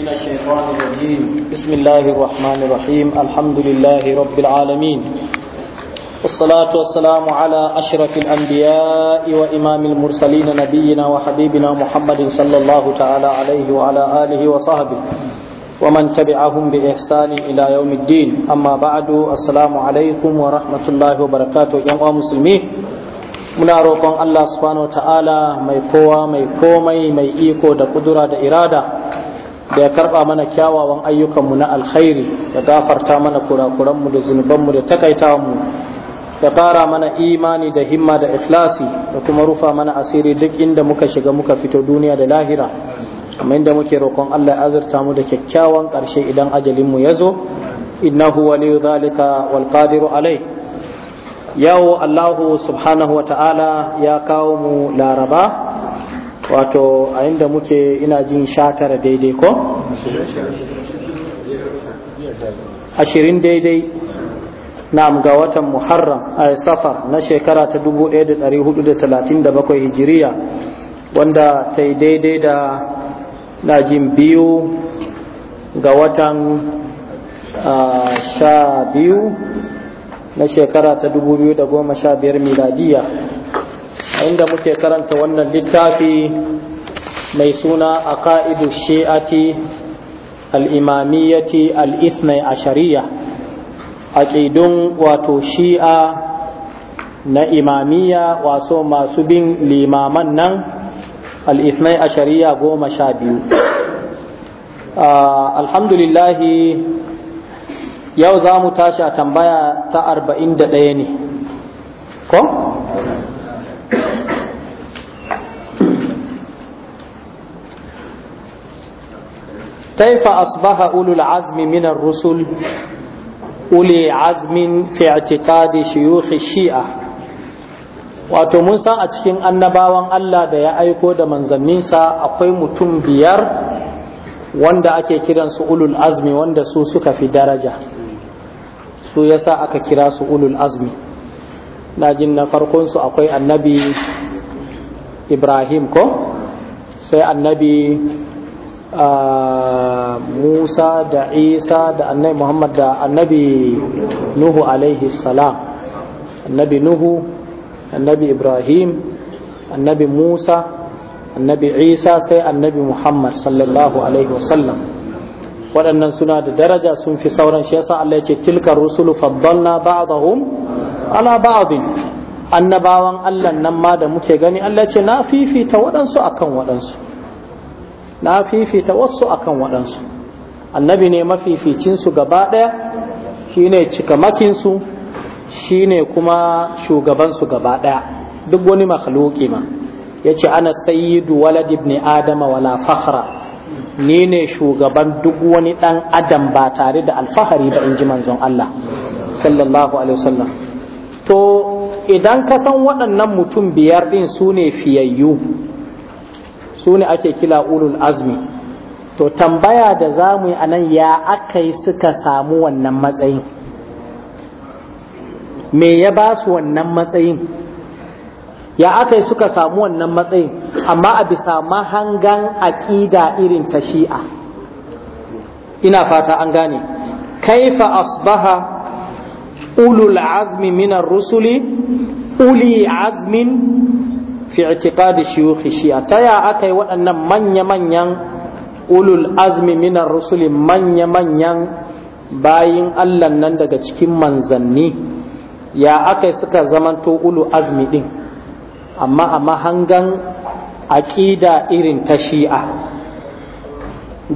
من الشيطان الرجيم بسم الله الرحمن الرحيم الحمد لله رب العالمين والصلاة والسلام على أشرف الأنبياء وإمام المرسلين نبينا وحبيبنا محمد صلى الله تعالى عليه وعلى آله وصحبه ومن تبعهم بإحسان إلى يوم الدين أما بعد السلام عليكم ورحمة الله وبركاته يا مسلمين muna roƙon Allah subhanahu ta'ala mai kowa mai komai mai iko da kudura da irada da ya karba mana kyawawan ayyukanmu na alkhairi ya gafarta mana kurakuranmu da zunubanmu da takaitawanmu ya kara mana imani da himma da ikhlasi da kuma rufa mana asiri duk inda muka shiga muka fito duniya da lahira kamar inda muke roƙon Allah ya azurta mu da kyakkyawan ƙarshe idan ajalinmu ya zo innahu waliyu zalika wal qadiru alai yawo Allahu subhanahu wa ta'ala ya kawo mu laraba wato a inda muke ina jin sha tara daidai ko? ashirin daidai na'am ga watan muharram a safar na shekara ta 1437 hijiriya wanda ta yi daidai da na jin biyu ga watan sha biyu na shekara ta 2015 miladiya inda muke karanta wannan littafi mai suna a ka'idu shi'ati al'imamiyyati al'ithnai a shari'a a ƙidun wato shi'a na imamiyya waso masu bin limaman nan al'ithnai a shari'a goma sha biyu alhamdulillahi yau za mu tashi a tambaya ta arba'in da ɗaya ne ko? kaifa asbaha ulul azmi minar rusul uli azmin fi i'tiqadi shuyukh shi'a wato mun san a cikin annabawan Allah da ya aiko da manzanninsa akwai mutum biyar wanda ake kiran su ulul azmi wanda su suka fi daraja su yasa aka kira su ulul azmi na jin na farkon su akwai annabi ibrahim ko sai annabi Musa da Isa da annabi Muhammad da annabi Nuhu alaihi salam annabi Nuhu annabi Ibrahim annabi Musa annabi Isa sai annabi Muhammad sallallahu alaihi wasallam waɗannan suna da daraja sun fi sauran shi yasa Allah ya ce tilka rusulu faddalna ba'dahum ala ba'din annabawan Allah nan ma da muke gani Allah ya ce na fifita waɗansu akan waɗansu na fifita wasu akan waɗansu annabi ne mafificinsu gaba ɗaya shi ne cikamakinsu shi ne kuma shugabansu gaba ɗaya duk wani makhluki ma ya ce ana sayyidu walad ibn adama wala fakhra ni ne shugaban duk wani ɗan adam ba tare da alfahari ba in ji manzon Allah sallallahu alaihi wasallam to idan ka san waɗannan mutum biyar ɗin su ne fiyayyu su ne ake kila ulul azmi to tambaya da za mu yi a ya aka yi suka samu wannan matsayin me ya ba su wannan matsayin ya aka suka samu wannan matsayin amma a bisa mahangan aƙida irin ta shi'a ina fata an gane kaifa asbaha ulul azmi minar rusuli uli azmin fi i'tiqadi shuyukh shi'a ta ya akai waɗannan manya manyan ulul azmi minar rusuli manya manyan bayin Allah nan daga cikin manzanni ya akai suka zamanto ulul azmi din amma a mahangan aƙida irin ta shi'a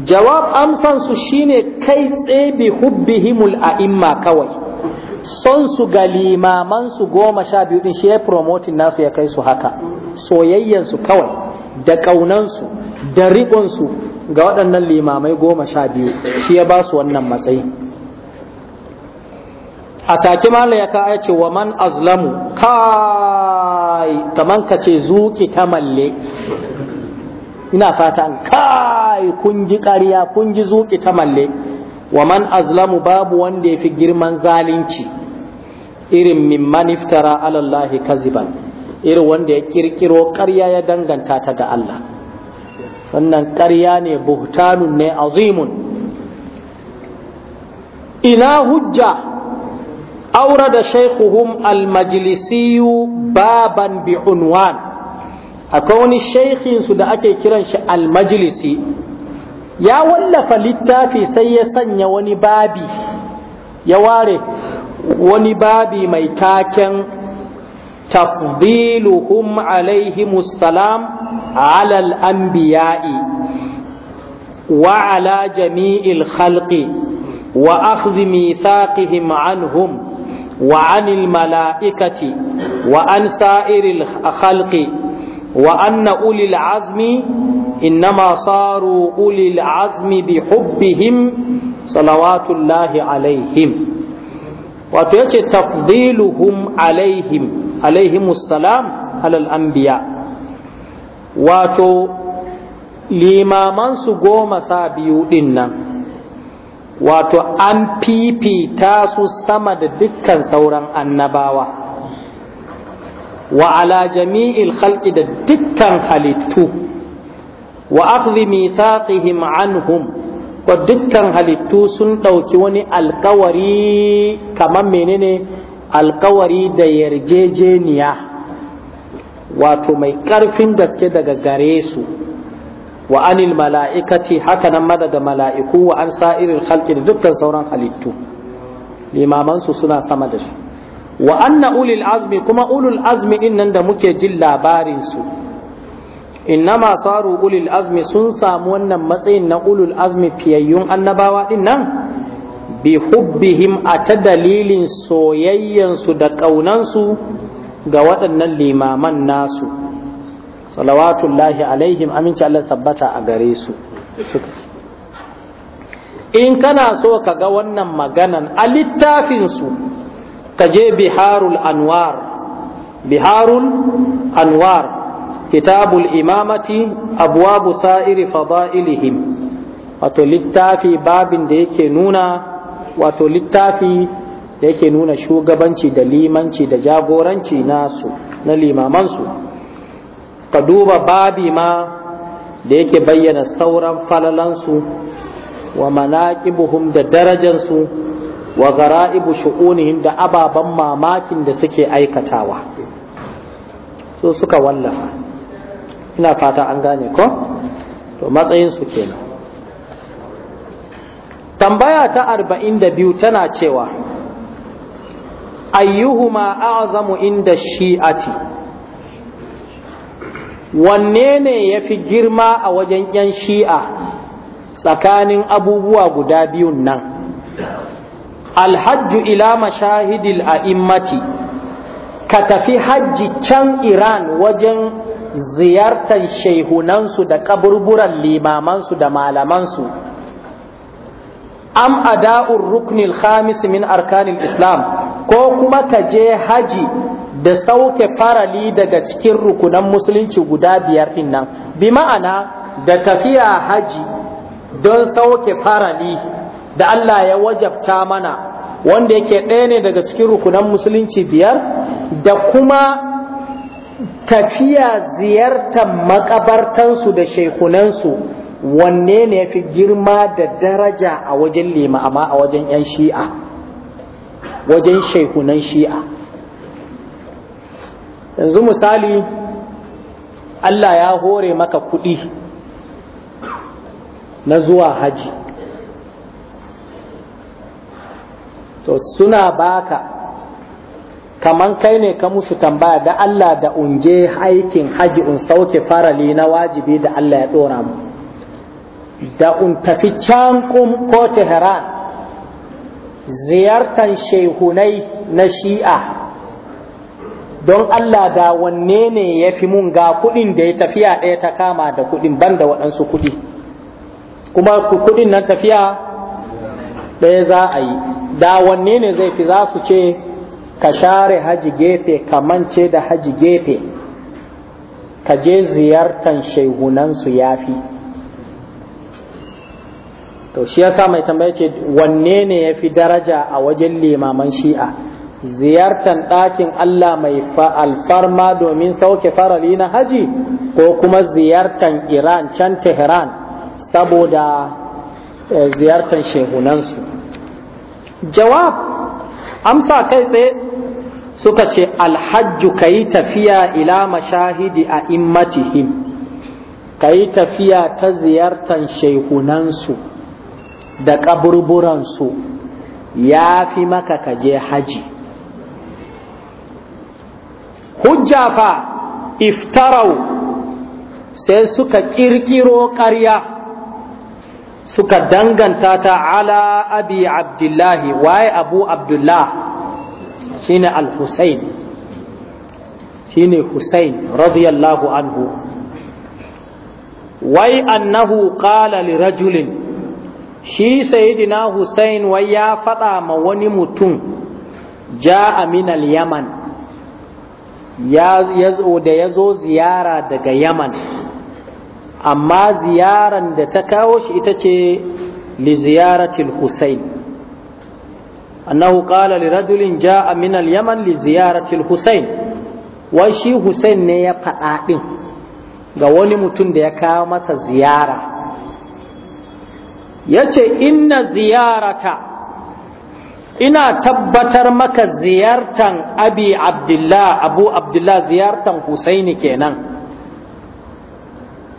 jawab amsan su shine kai tsebi bi hubbihimul a'imma kawai son su ga limaman su goma sha biyu din shi ya promoting nasu ya kai su haka soyayyansu kawai da kaunan da riƙon ga waɗannan limamai goma sha biyu shi ya ba su wannan matsayi a take mala ya ka ce wa man azlamu kai kaman ka ce zuki malle? ina fata kai kun ji ƙarya kun ji zuki malle? wa man azlamu babu wanda ya fi girman zalunci irin min maniftara alallahi kaziban irin wanda ya kirkiro ƙarya ya danganta ta ga Allah wannan ƙarya ne buhtanun ne azimun ina hujja aura da shaikuhum almajlisiyu baban bi unwan akwai wani shaikinsu da ake kiran shi almajlisi ya wallafa littafi sai ya sanya wani babi ya ware wani babi mai taken tafdiluhum alaihimus salam alal anbiya'i wa ala jami'il khalqi wa akhdhi mithaqihim anhum wa anil mala'ikati wa an sa'iril khalqi wa anna ulil azmi innama saru ulil azmi bi hubbihim salawatullahi alaihim wato yace tafdiluhum alaihim alaihimus salam alal anbiya wato limamansu goma sa biyu ɗin nan wato an fifita su sama da dukkan sauran annabawa wa ala jami'il khalqi da dukkan halittu wa akhdhi mithaqihim anhum wa dukkan halittu sun ɗauki wani alkawari kamar menene alkawari da yarjejeniya wato mai karfin gaske daga gare su wa anil mala'ikati haka nan ma daga mala'iku wa an sa'irin halki da dukkan sauran halittu limamansu suna sama da su wa anna ulil azmi kuma ulul azmi din nan da muke jin labarin su innama saru ulul azmi sun samu wannan matsayin na ulul azmi fiyayyun annabawa din nan bi hubbihim a ta dalilin soyayyansu da ƙaunansu ga waɗannan limaman nasu salawatullahi alaihim aminci Allah tabbata a gare su in kana so ka ga wannan maganan a littafinsu ka je biharul anwar biharul anwar kitabul imamati abwabu sa'iri fada'ilihim wato littafi babin da yake nuna wato littafi da yake nuna shugabanci da limanci da jagoranci nasu na limamansu ka duba babi ma da yake bayyana sauran falalansu wa manaqibuhum da darajansu wa gara'ibu shu'unihim da ababan mamakin da suke aikatawa so suka wallafa ina fata an gane ko to matsayin su kenan tambaya ta arba'in da tana cewa ayyuhuma a'zamu inda shi'ati wanne ne ya fi girma a wajen 'yan shi'a tsakanin abubuwa guda biyun nan alhajju ila mashahidil a'immati ka tafi hajji can iran wajen ziyartar shaihunansu da kaburburan limamansu da malamansu am ada'ur ruknil khamis min arkanil islam ko kuma ka je haji da sauke farali daga cikin rukunan musulunci guda biyar din nan bi ma'ana da tafiya haji don sauke farali da Allah ya wajabta mana wanda yake ɗaya ne daga cikin rukunan musulunci biyar da kuma tafiya ziyartar makabartansu da shekunansu wanne ne ya fi girma da daraja a wajen lima amma a wajen 'yan shi'a wajen shekunan shi'a yanzu misali Allah ya hore maka kuɗi na zuwa haji to suna baka kaman kai ne ka musu tambaya da Allah da unje aikin haji un sauke farali na wajibi da Allah ya dora mu da un tafi can kum ko Tehran ziyartan shehunai na shi'a don Allah da wanne ne ya fi mun ga kuɗin da ya tafiya ɗaya ta kama da kuɗin banda waɗansu kuɗi kuma kuɗin nan tafiya ɗaya za a yi da wanne ne zai fi za su ce ka share haji gefe ka ce da haji gefe ka je ziyartan shehunansu ya fi to shi ya sa mai tambaya ce wanne ne ya fi daraja a wajen limaman shi'a ziyartan ɗakin Allah mai alfarma domin sauke farari na haji ko kuma ziyartan Iran can Tehran saboda eh, ziyartan shehunansu jawab amsa kai tsaye suka ce alhajju ka yi tafiya ila mashahidi a immatihim ka yi tafiya ta ziyartar shaihunansu da kaburburansu ya fi maka kaje je haji hujja fa iftarau sai suka kirkiro ƙarya suka danganta ta ala abi abdullahi waye abu abdullah shine al-husayn shine husayn radiyallahu anhu wai annahu qala li rajulin shi sayyidina husayn wai ya faɗa ma wani mutum ja'a min al-yaman ya da ya zo ziyara daga yaman amma ziyaran da ta kawo shi ita ce li ziyaratil Husain annahu qala li rajulin ja'a min al-yaman li Husain wai shi Husain ne ya faɗa din ga wani mutum da ya kawo masa ziyara yace inna ziyarata ina tabbatar maka ziyartan abi abdullah abu abdullah ziyartan husaini kenan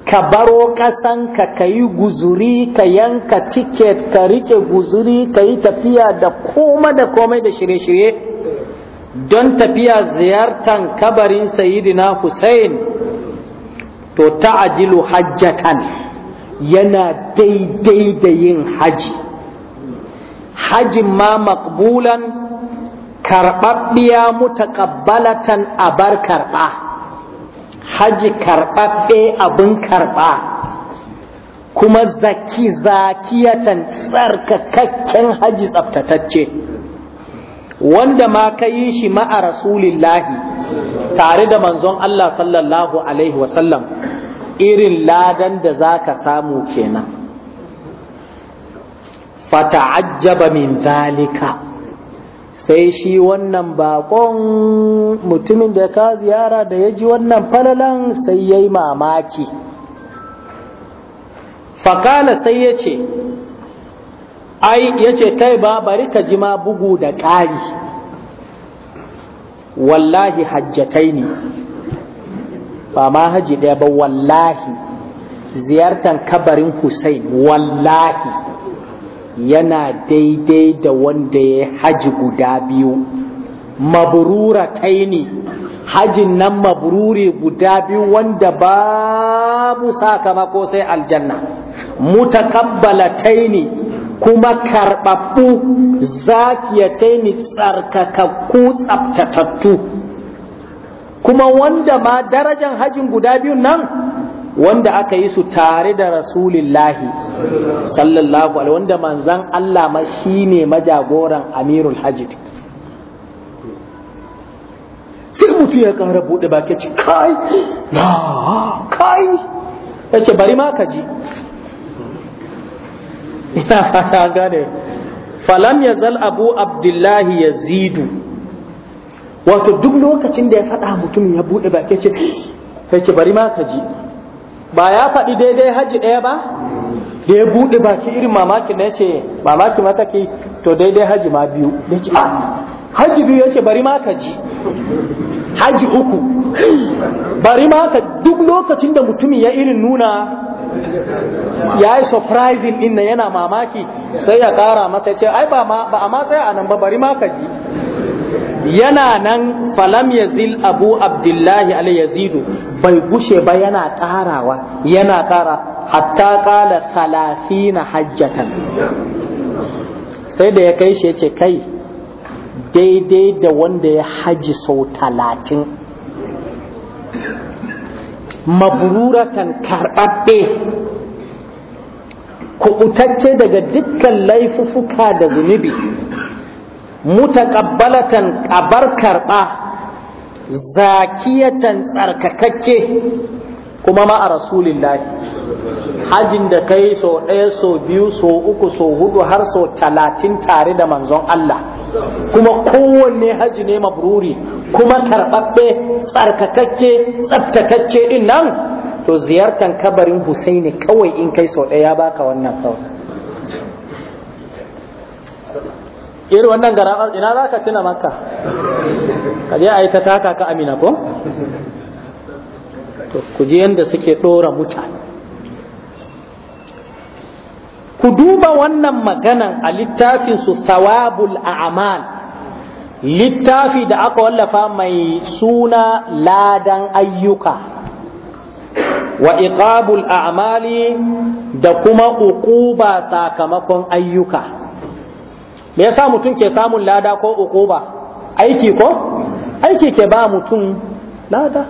ka baro ƙasanka ka yi guzuri ka yanka tiket ka rike guzuri ka yi tafiya da koma da komai da shirye-shirye don tafiya ziyartan kabarin sayidina Hussein to ta'adilu hajjatan yana daidai da yin haji hajin ma makbulan karɓaɓɓiya mutakabbalatan abar karɓa haji karɓaɓɓe abin karɓa kuma zaki zakiyatan tsarkakakken haji tsaftatacce wanda ma ka yi shi ma'a rasulillahi tare da manzon Allah sallallahu Alaihi wasallam irin ladan da za ka samu kenan fata'ajjaba min zalika sai shi wannan bakon mutumin da ka ziyara da ya ji wannan falalan sai ya yi mamaki fakala sai ya ce ai ya ce kai ba bari ka ji ma bugu da ƙari wallahi hajjatai ne ba ma haji ɗaya ba wallahi ziyartar kabarin Hussein wallahi yana daidai da wanda ya haji guda biyu maburura kaini hajin nan maburure guda biyu wanda babu sakamako sai aljanna mutakabbala taini kuma karbabbu zakiya taini tsarkakakku tsaftatattu kuma wanda ma darajan hajin guda biyu nan wanda aka yi su tare da rasulillahi sallallahu alaihi wanda manzan Allah ma shine majagoran amirul hajji sai mutum ya kara buɗe baki ce kai na kai ya ce bari ma ka ji ina fata gane falam ya zal abu abdullahi ya zidu wato duk lokacin da ya faɗa mutum ya buɗe baki ce ya ce bari ma ka ji ba ya faɗi daidai haji ɗaya ba da ya buɗe baki irin mamaki na ce mamaki mataki to daidai haji ma biyu da ce ah, haji biyu ya ce bari ma ka ji haji uku bari ma ka duk lokacin da mutumin ya irin nuna ya yi surprising ɗin yana mamaki sai ya ƙara masa ya ce ai ba a ma a nan ba bari ma ka ji yana nan falam yazil abu abdullahi al yazidu bai gushe ba yana karawa yana kara hatta kala salafina hajjatan sai da ya kai shi yace kai daidai da wanda ya haji sau talatin mabururatan karɓaɓɓe kuɓutacce daga dukkan laifufuka da zunubi mutaqabbalatan ƙabar karɓa zakiyatan tsarkakakke kuma ma a rasulillahi hajin da kai so ɗaya so biyu so uku so hudu har so talatin tare da manzon Allah kuma kowanne haji ne mabruri kuma karɓaɓɓe tsarkakakke tsaftatacce din nan to ziyartar kabarin Husaini kawai in kai so ɗaya baka wannan kawai irin wannan garaɓar ina za ka tuna maka ka je a yi ta taka ka amina ko to ku ji yadda suke ɗora mutane ku duba wannan maganan a littafinsu thawabul a'mal littafi da aka wallafa mai suna ladan ayyuka wa iqabul a'mali da kuma uquba sakamakon ayyuka me yasa mutum ke samun lada ko ukuba aiki ko aiki ke ba mutum lada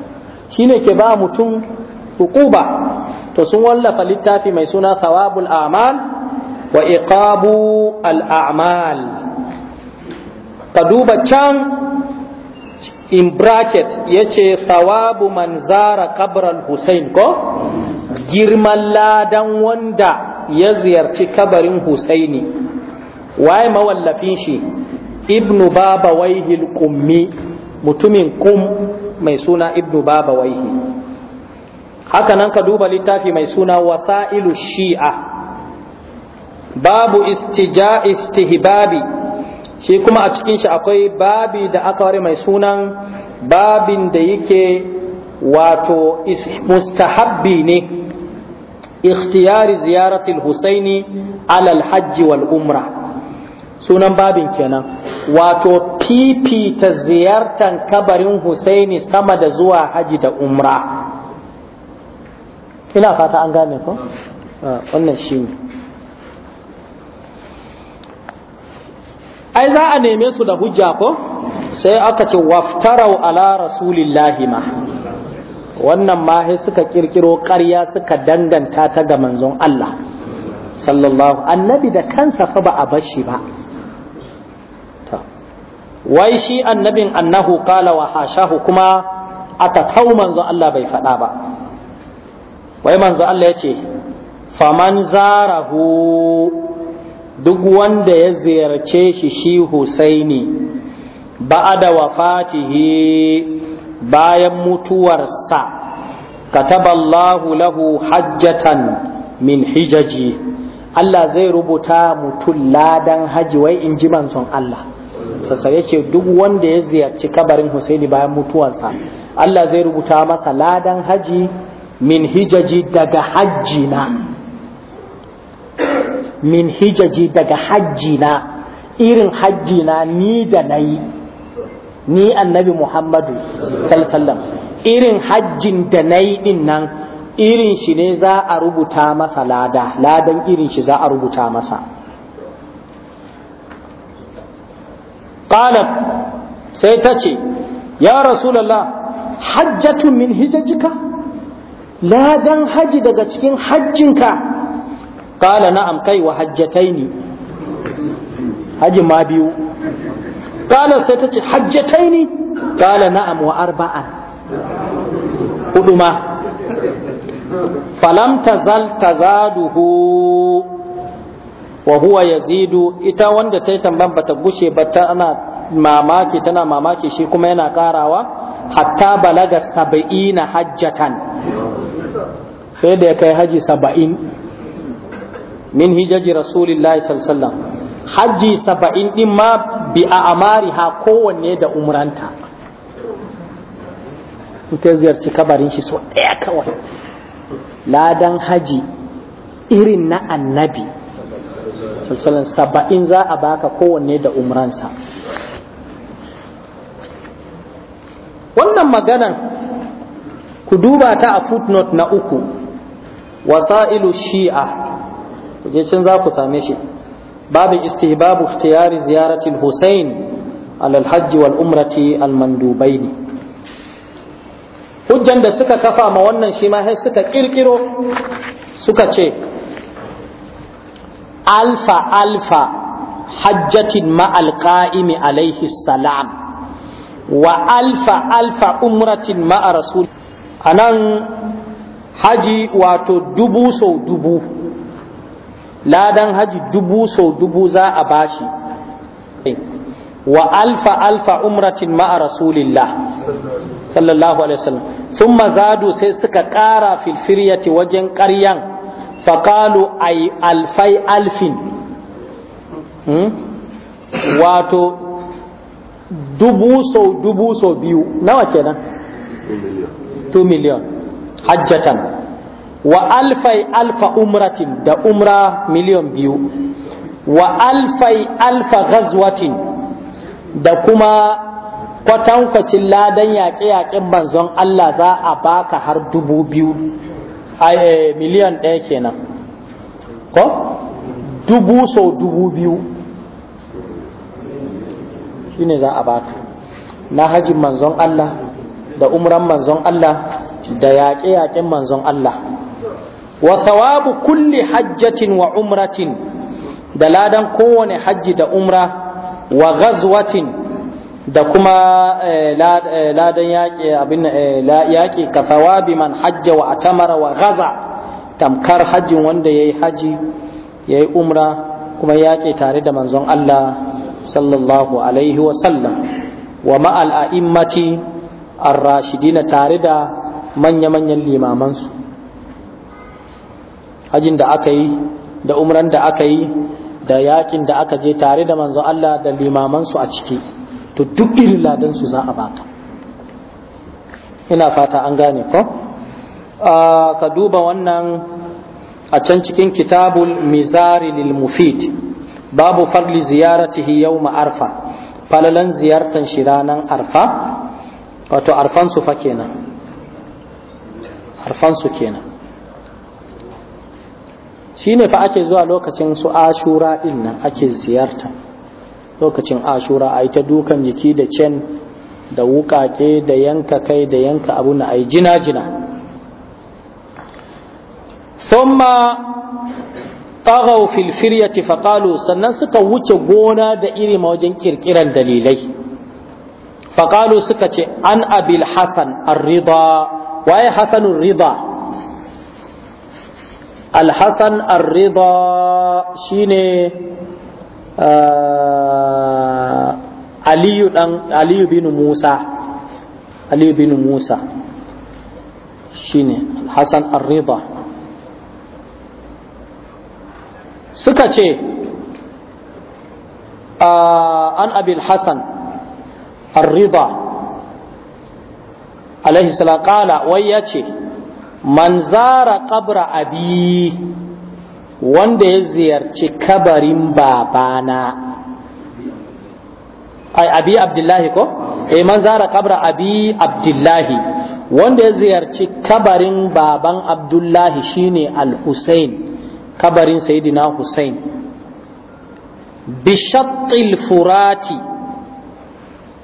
shine ke ba mutum ukuba to sun wallafa littafi mai suna thawabul a'mal wa iqabu al a'mal ka duba can in bracket yace thawabu man zara qabral husain ko girman ladan wanda ya ziyarci kabarin husaini waye mawallafin shi ibnu baba waihi kummi mutumin kum mai suna ibnu baba waihi haka nan ka duba littafi mai suna wasa'ilu shi'a babu istija istihbabi shi kuma a cikin shi akwai babi da aka ware mai sunan babin da yake wato mustahabbi ne ikhtiyari ziyaratul husaini alal hajji wal umra sunan babin kenan wato fifita ziyartan kabarin husaini sama da zuwa haji da umra ina fata an gane ko ah, wannan shi ne ai za a neme su da hujja ko sai aka ce waftarau ala rasulillahi ma wannan ma suka kirkiro ƙarya suka danganta ta ga manzon Allah sallallahu annabi da kansa fa ba a bashi ba wai shi annabin annahu qala wa hashahu kuma aka kau manzo Allah bai faɗa ba wai manzo Allah ya ce faman zarahu duk wanda ya ziyarce shi shi Husaini wa wafatihi bayan mutuwarsa kataballahu lahu hajjatan min hijaji Allah zai rubuta mutum ladan haji wai in ji manzon Allah sassa yace duk wanda ya ziyarci kabarin Husaini bayan mutuwansa Allah zai rubuta masa ladan haji min hijaji daga hajjina min hijaji daga hajjina irin hajjina ni da na yi, ni annabi Muhammadu sallallahu irin hajjin da na yi din nan irin shi ne za a rubuta masa lada ladan irin shi za a rubuta masa qalat sai ta ce ya rasulullah hajjatu min hijajika ladan haji daga cikin hajjinka qala na'am kai wa hajjataini haji ma biyu qala sai ta ce hajjataini qala na'am wa arba'an hudu ma falam tazal tazaduhu wa huwa yazidu ita wanda ta yi tamban bata gushe ba tana mamaki tana mamaki shi kuma yana karawa hatta balaga saba'ina hajjatan sai da ya kai haji saba'in min hijaji rasulillahi sallallahu haji saba'in din ma bi a ha kowanne da umranta ta ziyarci kabarin shi so ɗaya kawai ladan haji irin na annabi sallallahu saba'in za a baka kowanne da umransa wannan maganan ku duba ta a footnote na uku wasa'ilu shi'a ku je can za ku same shi Babu istihbabu ikhtiyari ziyarati al-husayn ala al-hajj wal umrati al hujjan da suka kafa ma wannan shi ma sai suka kirkiro suka ce alfa alfa hajjatin ma'al qa'imi alaihi salam wa alfa alfa umratin ma'a rasul anan haji wato dubu sau dubu ladan haji dubu sau dubu za a bashi wa alfa alfa umratin ma'a rasulillah sallallahu alaihi wasallam thumma zadu sai suka kara filfiryati wajen ƙaryan faƙalu ai alfai alfin wato dubu sau dubu sau biyu nawa kenan 2 miliyan hajjatan wa alfai alfa umratin da umra miliyan biyu wa alfai alfa gazwatin da kuma kwatankwacin ladan yaƙe-yaƙen banzon Allah za a baka har dubu biyu Eh, miliyan ɗaya kenan ko dubu sau dubu biyu shi ne za a baka na hajjin manzon Allah da umran manzon Allah da yaƙe-yaƙen manzon Allah wa thawabu kulli hajjatin wa umratin da ladan kowane hajji da umra wa gazwatin da kuma eh, eh, ladan yaƙi abin eh, yaƙi ka sawabi man hajja wa atamara wa gaza tamkar hajjin wanda ya yi haji ya yi umra kuma yaƙi tare da manzon Allah sallallahu alaihi wa sallam wa ma'al a'immati ar-rashidina tare da manya-manyan limamansu hajin da aka yi da umran da aka yi da yaƙin da aka je tare da manzon Allah da limamansu a ciki to duk irin ladan su za a baka ina fata an gane ko ka duba wannan a can cikin kitabul mizari lil mufid babu farli ziyaratihi yawma arfa falalan ziyartan shi ranan arfa wato arfan su fa kenan arfan su kenan shine fa ake zuwa lokacin su ashura din nan ake ziyarta lokacin ashura a yi ta dukan jiki da cen da wukake da yanka kai da yanka abu na ai jina jina thumma tagaw fil firyati qalu sannan suka wuce gona da iri ma wajen kirkiran dalilai qalu suka ce an abil hasan ar-rida waye hasanur rida al-hasan ar-rida shine Ah, aliyu bin musa aliyu bin musa shine Hassan ar-rida suka ce ah, an abil Hassan arriba alaihi salam kala wai ce, man zara kabra abi wanda ya ziyarci kabarin babana ai abi abdullahi ko eh man zara kabra abi abdullahi wanda ya ziyarci kabarin baban abdullahi shine al-husain kabarin sayyidina husain bishattil furati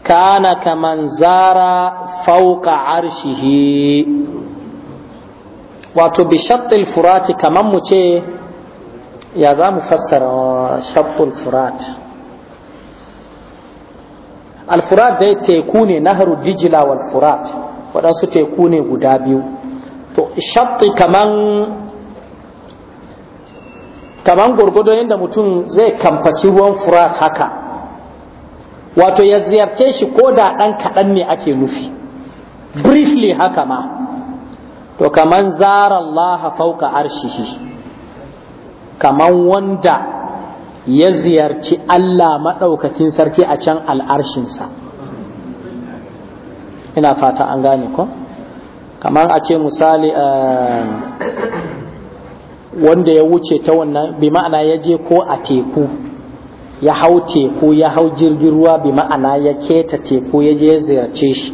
kana kaman zara fauka arshihi wato bishattil furati kaman mu ce ya za mu fassara shabbul furat al-furat dai teku ne naharu dijila wal furat waɗansu teku ne guda biyu to shabti kaman kaman gurgudo mutum zai kamfaci ruwan furat haka wato ya ziyarce shi ko da ɗan kaɗan ne ake nufi briefly haka ma to kaman zara Allah fauka arshihi kaman wanda ya ziyarci Allah maɗaukakin sarki a can al'arshinsa ina fata an gane ko Kaman a ce misali eh, wanda ya wuce ta wannan bi ma'ana ya je ko a teku ya hau teku ya hau jirgin ruwa bi ma'ana ya keta teku ya je ya ziyarce shi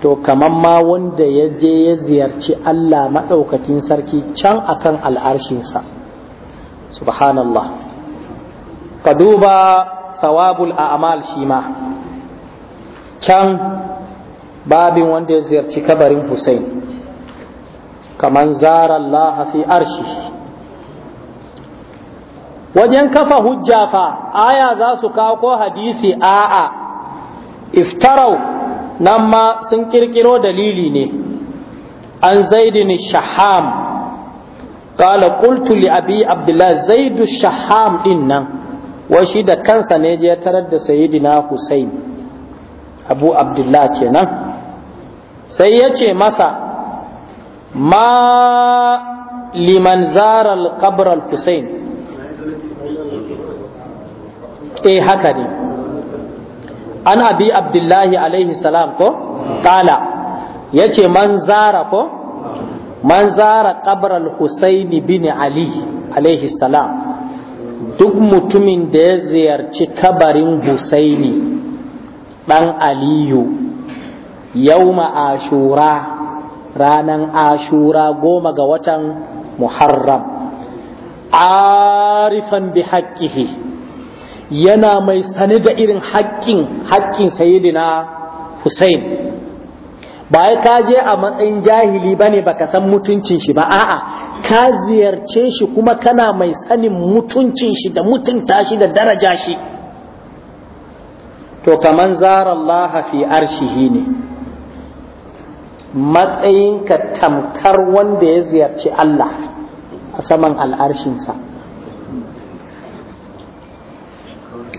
to kaman ma wanda ya je ya ziyarci Allah maɗaukakin sarki can akan al'arshinsa subhanallah ka duba sawabul a'mal shi ma can babin wanda ya ziyarci kabarin Hussein kaman zara Allah fi arshi wajen kafa hujja fa aya za su kawo ko hadisi a'a iftarau nan ma sun kirkiro dalili ne an zaidin shaham qala qultu li abi abdullah zaid shaham din nan wai shi da kansa ne ya tarar da sayyidina husain abu abdullah kenan sai ya ce masa ma liman zara al-qabr al-husain eh haka ne an abi abdullahi alaihi salam ko kala ce man zara ko man zara qabral husaini bin ali alaihi salam duk mutumin da ya ziyarci kabarin husaini dan aliyu yauma ashura ranan ashura goma ga watan muharram arifan bi haqqihi yana mai sane da irin haƙƙin haƙƙin sayidina Hussein ba ya kaje a matsayin jahili ba ne baka san mutuncin shi ba a'a ka ziyarce shi kuma kana mai sanin mutuncin shi da mutunta shi da daraja shi to kaman zarallaha fi arshihi ne matsayinka tamkar wanda ya ziyarci Allah a saman al'arshinsa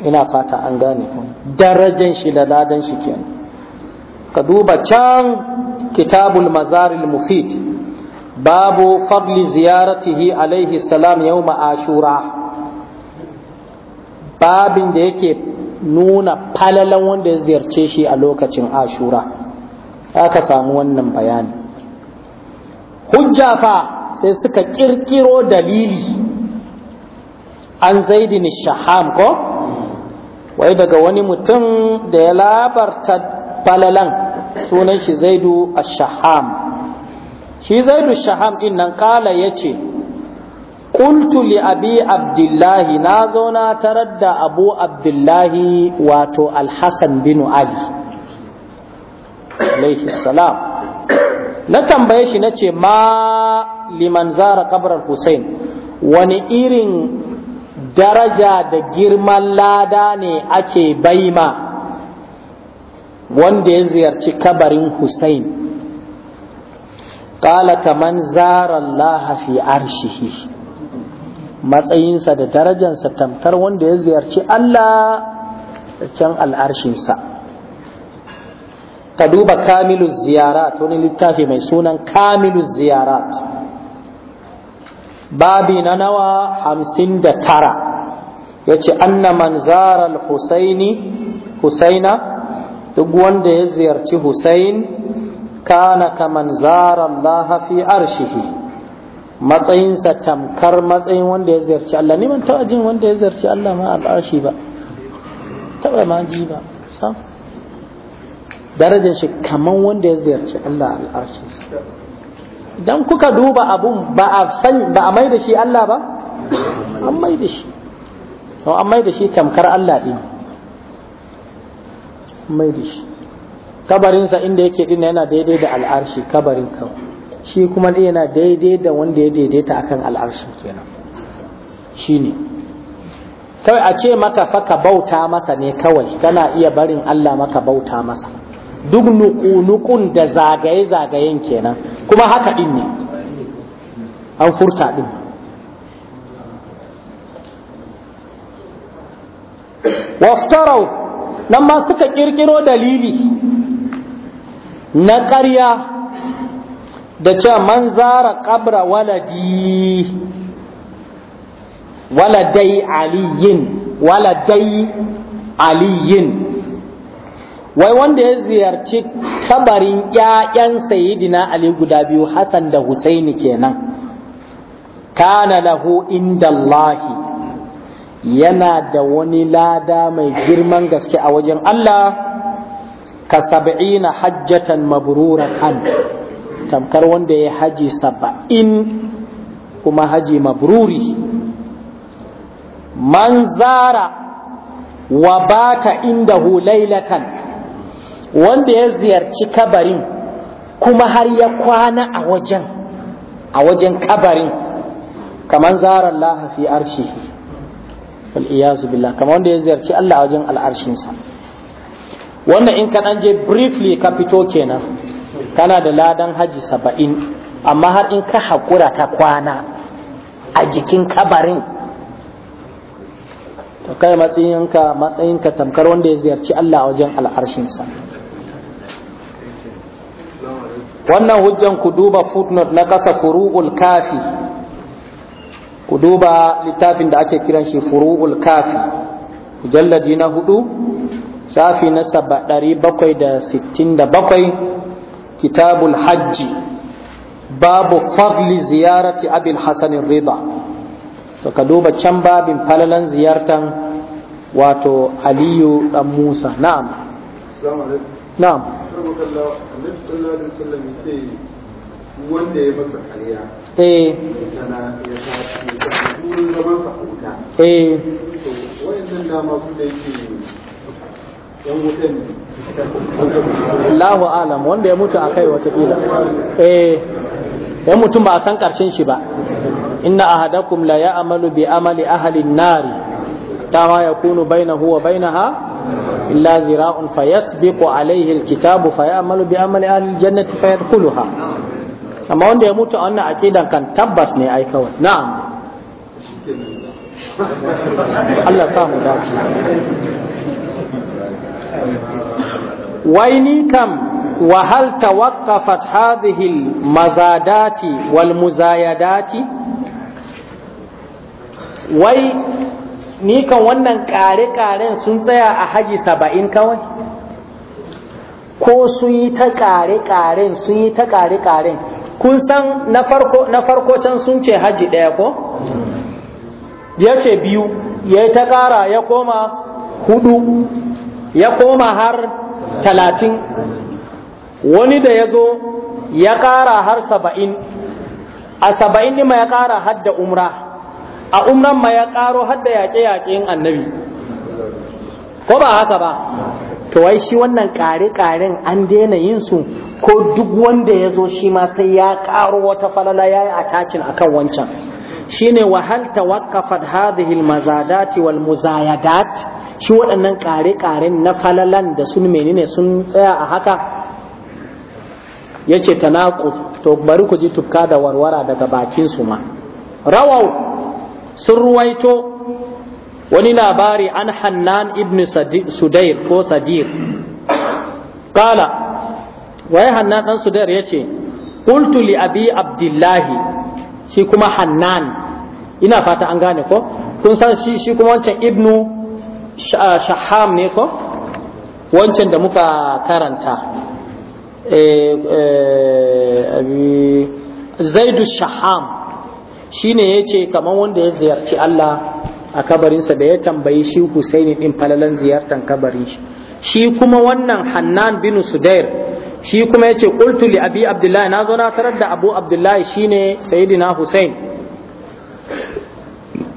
ina fata an gane darajan shi da ladan shi kenan ka duba can kitabul mazaril mufid babu fadli ziyaratihi alaihi salam yau ashura babin da yake nuna falalan wanda ya ziyarce shi a lokacin ashura aka samu wannan bayani Hujjafa sai suka kirkiro dalili an zaidin shaham ko wai daga wani mutum da ya labarta falalan sunan shi zaidu ash-shaham shi zaidu ash-shaham din nan kala yace qultu li abi abdullahi na zo na tarar da abu abdullahi wato al-hasan bin ali alayhi salam na tambaye shi nace ma liman zara qabrar husain wani irin daraja da girman lada ne ake baima wanda ya ziyarci kabarin Hussein ƙala man zaran lahafi arshihi matsayinsa da darajansa tamtar wanda ya ziyarci Allah can al'arshinsa ka duba kamilu ziyarat wani littafi mai sunan kamilu ziyara babi na nawa hamsin da tara ya ce anna man zarar husaini husaina duk wanda ya ziyarci Hussein kana kaman zara Allah fi arshihi matsayinsa tamkar matsayin wanda ya ziyarci Allah ni ban taɓa jin wanda ya ziyarci Allah ma arshi ba taɓa ma ji ba sa darajar shi kaman wanda ya ziyarci Allah al'arshinsa dan kuka duba abun ba a san ba a mai da shi Allah ba an mai da shi to an mai da shi tamkar Allah din mai da shi kabarinsa inda yake din yana daidai da al'arshi kabarin kan shi kuma yana daidai da wanda ya daidaita akan al'arshi kenan shine kawai a ce maka fa ka bauta masa ne kawai kana iya barin Allah maka bauta masa duk nuku-nukun da zagaye-zagayen kenan kuma haka din ne an furta din waftarau nan ma suka kirkiro dalili na ƙarya da ce man zara ƙabra waladi waladai aliyin waladai aliyin wai wanda ya ziyarci kabarin ƴaƴan sayidina ali guda biyu hassan da husaini kenan kana lahu inda allahi yana da wani lada mai girman gaske a wajen Allah ka sab'ina hajjatan mabruratan tamkar wanda ya haji saba'in kuma haji mabruri man zara wa bata indahu lailatan wanda ya ziyarci kabarin kuma har ya kwana a wajen a wajen kabarin kaman zara Allah fi arshihi wal’iyazu billah kamar wanda ya ziyarci Allah wajen al'arshinsa wannan in ka dan je briefly ka fito kenan kana da ladan haji saba'in amma har in ka haƙura ka kwana a jikin kabarin to kai matsayinka matsayinka tamkar wanda ya ziyarci Allah a wajen al'arshinsa wannan hujjan ku duba footnote na kasa furu'ul kafi ku duba littafin da ake kiran shi furu'ul kafi mujalladi na hudu shafi na saba ɗari bakwai da sittin da bakwai kitabul hajji babu fadli ziyarati abil hasanin riba to ka duba can babin falalan ziyartan wato aliyu dan musa na'am na'am wanda ya masa karya eh tana ya tashi ya tashi zaman sa wuta eh to wayannan dama su da yake yan wutan Allahu alam wanda ya mutu akai wata kila eh dan mutum ba a san karshen shi ba inna ahadakum la ya'malu bi amali ahli an-nari kama yakunu bainahu wa bainaha illa zira'un fayasbiqu alayhi al-kitabu fa, fayamalu bi amali ahli al-jannati fayadkhuluha amma wanda ya mutu a wannan aqidan kan tabbas ne ai kawai na'am Allah sa mu dace wai ni kam wa hal tawaqqafat hadhihi mazadati wal muzayadati wai ni kan wannan kare-karen sun tsaya a haji saba'in kawai ko sun yi ta kare-karen sun yi ta kare-karen kun san na farko na farko can sun ce haji ɗaya ko ya ce biyu ya yi ta ƙara ya koma hudu ya koma har talatin wani da ya zo ya ƙara har saba'in a saba'in ne ma ya ƙara hadda umra a umran ma ya ƙaro hadda yaƙe-yaƙen annabi ko ba haka ba to wai shi wannan kare-karen an daina yin su ko duk wanda ya zo shi ma sai ya karo wata falala ya yi a akan wancan shine wahal tawaqqafat hadhihi almazadati wal muzayadat shi waɗannan kare-karen na falalan da sun menene sun tsaya a haka yace tanaqus to bari ku ji tukka da warwara daga bakin su ma rawau sun ruwaito wani labari an hannan ibn sudair ko sadir kala waye hannan dan sudair ya ce qultu li abi abdullahi shi kuma hannan ina fata an gane ko kun san shi shi kuma wancan ibnu shaham ne ko wancan da muka karanta eh, eh, zaidu shaham shine yace kaman wanda ya ziyarci Allah a kabarinsa da ya tambayi shi Husaini din falalan ziyartar kabarin shi shi kuma wannan Hannan bin Sudair shi kuma yace qultu li Abi Abdullah na zo na tarar da Abu Abdullah shine Sayyidina Husain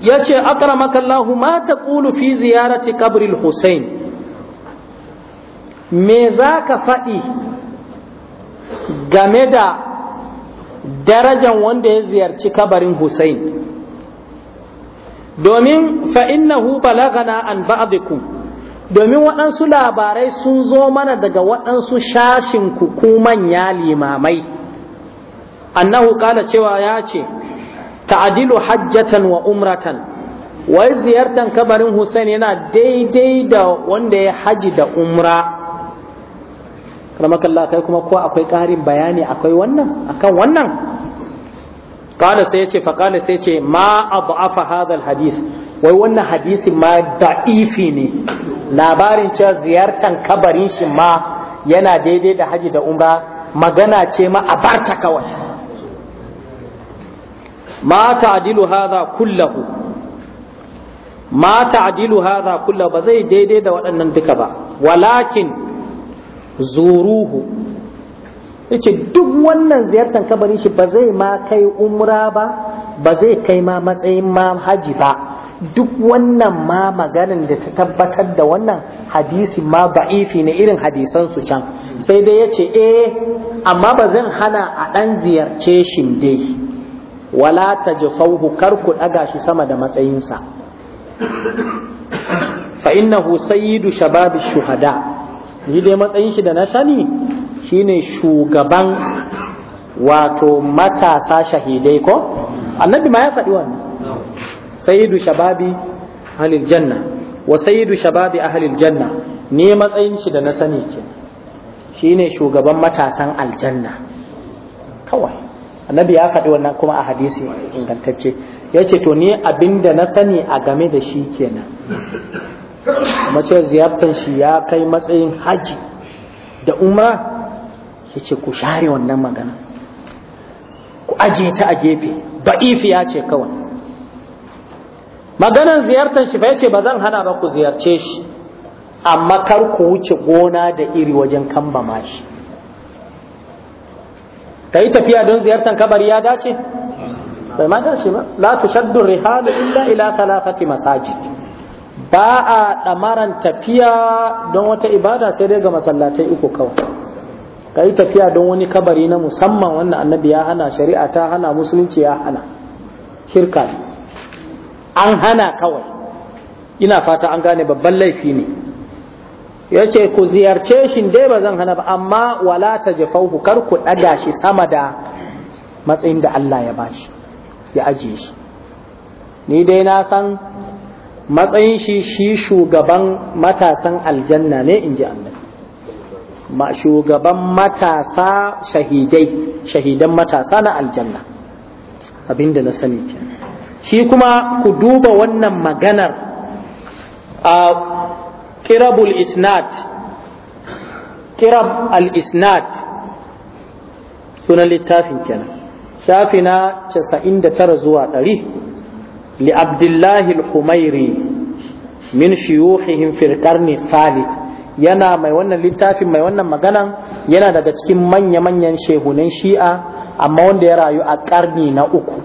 yace akramakallahu ma taqulu fi ziyarati qabri Husain me zaka fadi game da darajan wanda ya ziyarci kabarin Husain domin fa'innahu balagana an ba’adiku domin waɗansu labarai sun zo mana daga waɗansu shashin ku manya limamai annahu ƙala cewa ya ce ta'adilu hajjatan wa umratan wai ziyartan kabarin Hussein yana daidai da wanda ya haji da umra karamakallah kai kuma ko akwai ƙarin bayani akwai wannan akan wannan qala sai yace fa yace ma ad'afa hadha alhadith wai wannan hadisi ma da'ifi ne labarin cewa ziyartan kabarin shi ma yana daidai da haji da umra magana ce ma a barta kawai ma ta'dilu hadha kullahu ma ta'dilu hadha kullahu ba zai daidai da waɗannan duka ba walakin zuruhu yace duk wannan ziyartar kabari shi ba zai ma kai umra ba ba zai kai ma matsayin ma haji ba duk wannan ma maganin da ta tabbatar da wannan hadisi ma ba'ifi ne irin hadisan su can sai dai yace eh amma ba zan hana a dan ziyarce shi dai wala tajfauhu kar ku daga shi sama da matsayinsa fa innahu sayyidu shababi shuhada ni dai matsayin shi da na sani shine shugaban wato matasa shahidai ko annabi ma ya faɗi wannan sayyidu shababi ahlil janna wa sayyidu shababi ahlil janna ne matsayin shi da na sani ke shine shugaban matasan aljanna kawai annabi ya faɗi wannan kuma a hadisi ingantacce ya ce to ni abinda na sani a game da shi kenan mace ziyartar shi ya kai matsayin haji da umra yace ku share wannan magana ku ajiye ta a gefe ba'ifiya ce kawai maganan ziyartar shi fa ce ba zan hana ba ku ziyarce shi amma kar ku wuce gona da iri wajen ma shi ka yi tafiya don ziyartar kabari ya dace bai ma dace ba la tushaddu rihalu illa ila thalathati masajid ba a damaran tafiya don wata ibada sai dai ga masallatai uku kawai ka yi tafiya don wani kabari na musamman wannan annabi ya hana shari'a ta hana musulunci ya hana shirka an hana kawai ina fata an gane babban laifi ne ya ce ku ziyarce shi dai ba zan hana ba amma wala ta jefa kar ku ɗaga shi sama da matsayin da Allah ya bashi ya ajiye shi ni dai na san matsayin shi shi shugaban matasan aljanna ne in ji Allah shugaban matasa shahidai shahidan matasa na aljanna abinda na sani ke shi kuma ku duba wannan maganar a kirabul kirab al-isnad sunan littafin kenan shafi na 99 zuwa 100 li abdullahi al-humairi min shuyuhihim fil qarni thalith yana mai wannan littafin mai wannan maganan yana daga cikin manya-manyan shehunan shi'a amma wanda ya rayu a karni na uku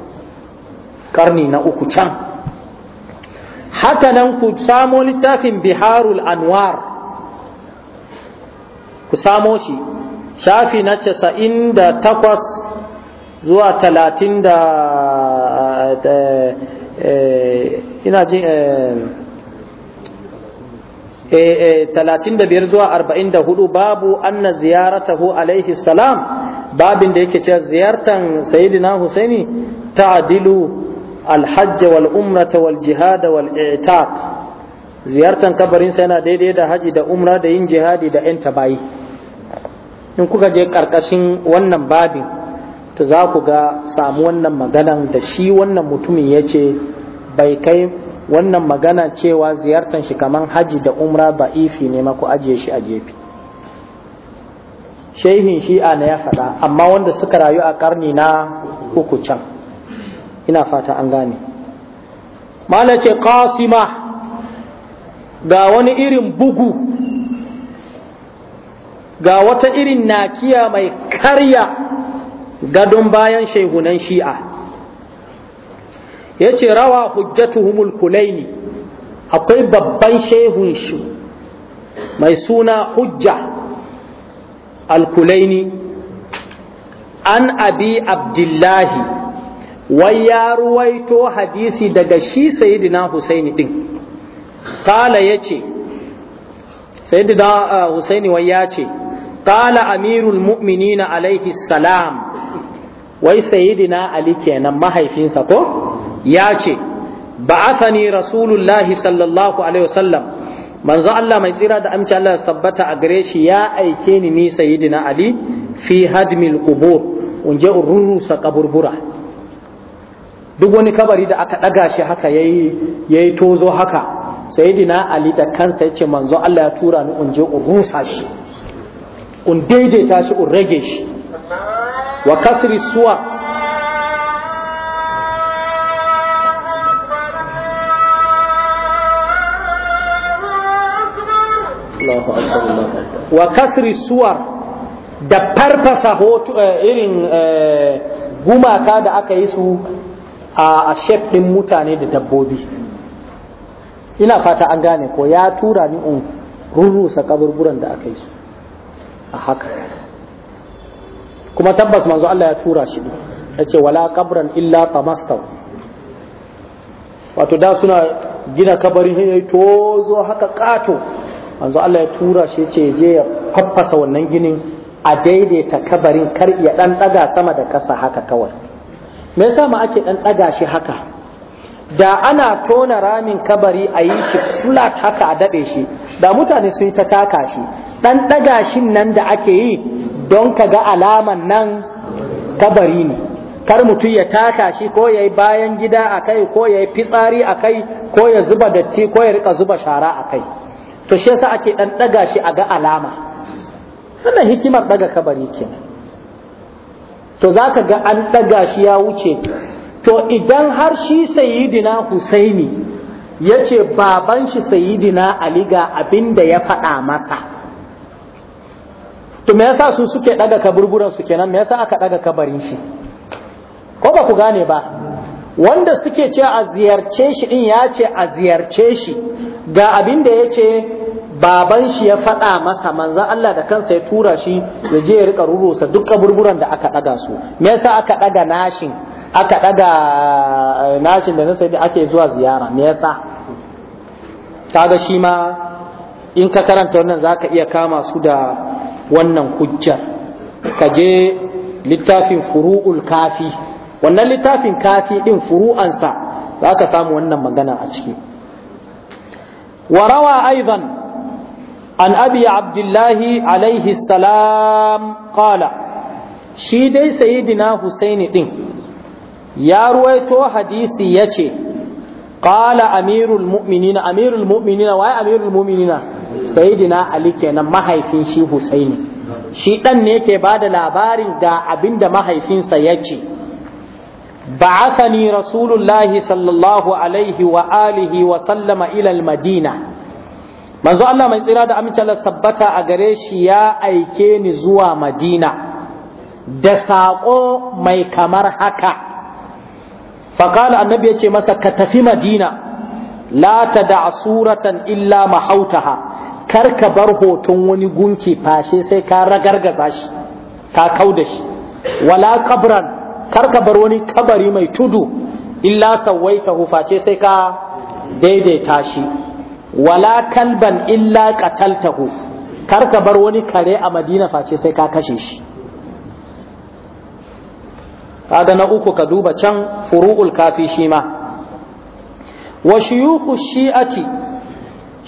karni na uku can haka nan ku samo littafin biharul anwar ku samo shi shafi na casa'in da takwas zuwa talatin da eh, eh, ina jin eh, 35 eh, eh, zuwa 44 babu anna ziyaratahu alaihi salam babin da yake cewa ziyartan sayyidina husaini ta'dilu alhajj wal umrata wal jihad wal i'taq ziyartan kabarin sa yana daidai da haji da umra da yin jihadi da yanta tabayi in kuka je karkashin wannan babin to za ku ga samu wannan maganan da shi wannan mutumin yace bai kai wannan magana cewa ziyartar shi kaman haji da umra ba ifi ne mako ajiye shi a gefe shehin shi'a na ya faɗa amma wanda suka rayu a karni na uku can ina fata an gane mala ce kasima ga wani irin bugu ga wata irin nakiya mai karya gadon bayan shehunan shi'a yace rawa hujjatuhumul kulaini akwai babban shehun shi mai suna hujja al-kulaini an abi abdullahi wai ya ruwaito hadisi daga shi sayyidina husaini din kala yace sayyidina ah, husaini wai ya ce kala amirul mu'minina alaihi salam wai sayyidina ali kenan mahaifinsa ko ya ce ni rasulullahi sallallahu alaihi wasallam manzo Allah mai tsira da amince Allah sabbata a gare shi ya aike ni ni sayyidina Ali fi hadmil qubur unje urrusa kaburbura duk wani kabari da aka daga shi haka yayi yayi tozo haka sayyidina Ali da kansa yace manzo Allah ya tura ni unje urrusa shi un daidaita shi un rage shi wa kasri suwa wa kasri suwar da farfasa eh, irin eh, gumaka da aka yi su a shef ɗin mutane da dabbobi ina fata an gane ko ya tura ni un rurrusa kaburburan da aka yi su a haka kuma tabbas manzo Allah ya tura shi ya ce wala kabran illa tamastaw wato da suna gina kabarin ya tozo haka kato manzo Allah ya tura shi ce je ya faffasa wannan ginin a daidaita kabarin kar ya dan daga sama da kasa haka kawai me yasa ma ake dan daga shi haka da ana tona ramin kabari a yi shi flat haka a daɗe shi da mutane sun yi ta taka shi ɗan ɗaga shi nan da ake yi don ka ga alaman nan kabari ne kar mutum ya taka shi ko ya yi bayan gida a kai ko ya yi fitsari a kai ko ya zuba datti ko ya rika zuba shara a kai to shi yasa ake dan daga shi a ga alama wannan hikimar daga kabari kenan to za ka ga an daga shi ya wuce to idan har shi sayyidina husaini ya ce baban shi sayyidina ali ga abin ya faɗa masa to me yasa su suke daga kaburburan su kenan me yasa aka daga kabarin shi ko ba ku gane ba wanda suke ce a ziyarce shi din ya ce a ziyarce shi ga abin da ya ce baban shi ya faɗa masa manzan Allah da kansa ya tura shi ya je ya rika rurusa duk kaburburan da aka ɗaga su me yasa aka ɗaga nashin aka ɗaga eh, nashin da na ake zuwa ziyara me yasa kaga shi ma in ka karanta wannan zaka iya kama su da wannan hujjar ka je littafin furu'ul kafi wannan littafin kafi ɗin furu'ansa za ta samu wannan magana a ciki warawa aizan an abi abdullahi alaihi salam kala shi dai sayidina husaini ɗin, ya ruwaito hadisi ya ce kala amirul mu'minina amirul mu'minina wai amirul mu'minina sayidina ali kenan mahaifin shi husaini shi ɗan ne ke ba da labarin ga abinda mahaifinsa ya ce بعثني رسول الله صلى الله عليه وآله وسلم Allah mai tsira da aminci Allah tabbata a gare shi ya aike ni zuwa Madina da saƙo mai kamar haka faƙala annabi yace masa ka tafi Madina la ta da suratan illa mahautaha kar ka bar hoton wani gunki fashe sai ka ragargaza shi ka kau da shi wala kabran Kar ka bar wani kabari mai tudu illa sawaitahu face sai ka daidaita shi wala kalban illa qataltahu karka bar wani kare a madina face sai ka kashe shi kaga na uku ka duba can furu'ul kafi shi ma wa shuyukhu shi'ati